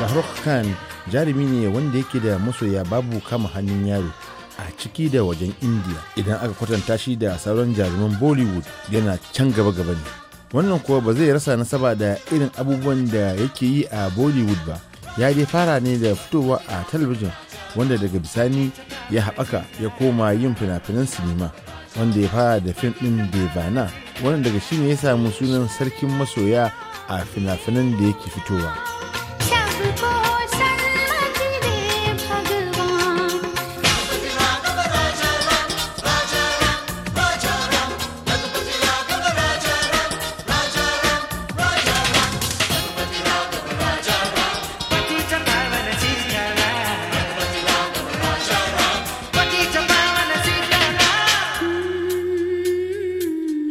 shahrukh khan jarumi ne wanda yake da masoya babu kama hannun yaro a ciki da wajen india idan aka kwatanta shi da sauran jaruman bollywood yana can gaba gaba ne wannan kuwa ba zai rasa nasaba da irin abubuwan da yake yi a bollywood ba ya dai fara ne da fitowa a talabijin wanda daga bisani ya haɓaka ya koma yin fina-finan sinima wanda ya fara da fim ɗin devana wanda daga shi ne ya samu sunan sarkin masoya a fina-finan da yake fitowa.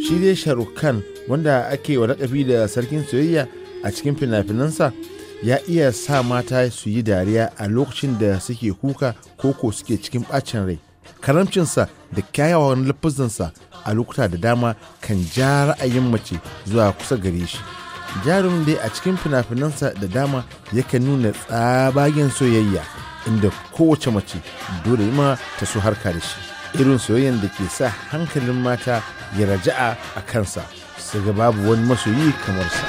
shi dai sharukan wanda ake wa lakabi da sarkin soyayya a cikin fina-finansa ya iya sa mata su yi dariya a lokacin da suke kuka ko ko suke cikin bacin rai karamcinsa da kyawawan lafazansa a lokuta da dama kan ja ra'ayin mace zuwa kusa gare shi jarum dai a cikin fina-finansa da dama yakan nuna tsabagen soyayya inda kowace mace dole ma ta so harka da shi irin soyayyar da ke sa hankalin mata ya raja'a a kansa su ga babu wani masoyi kamar sa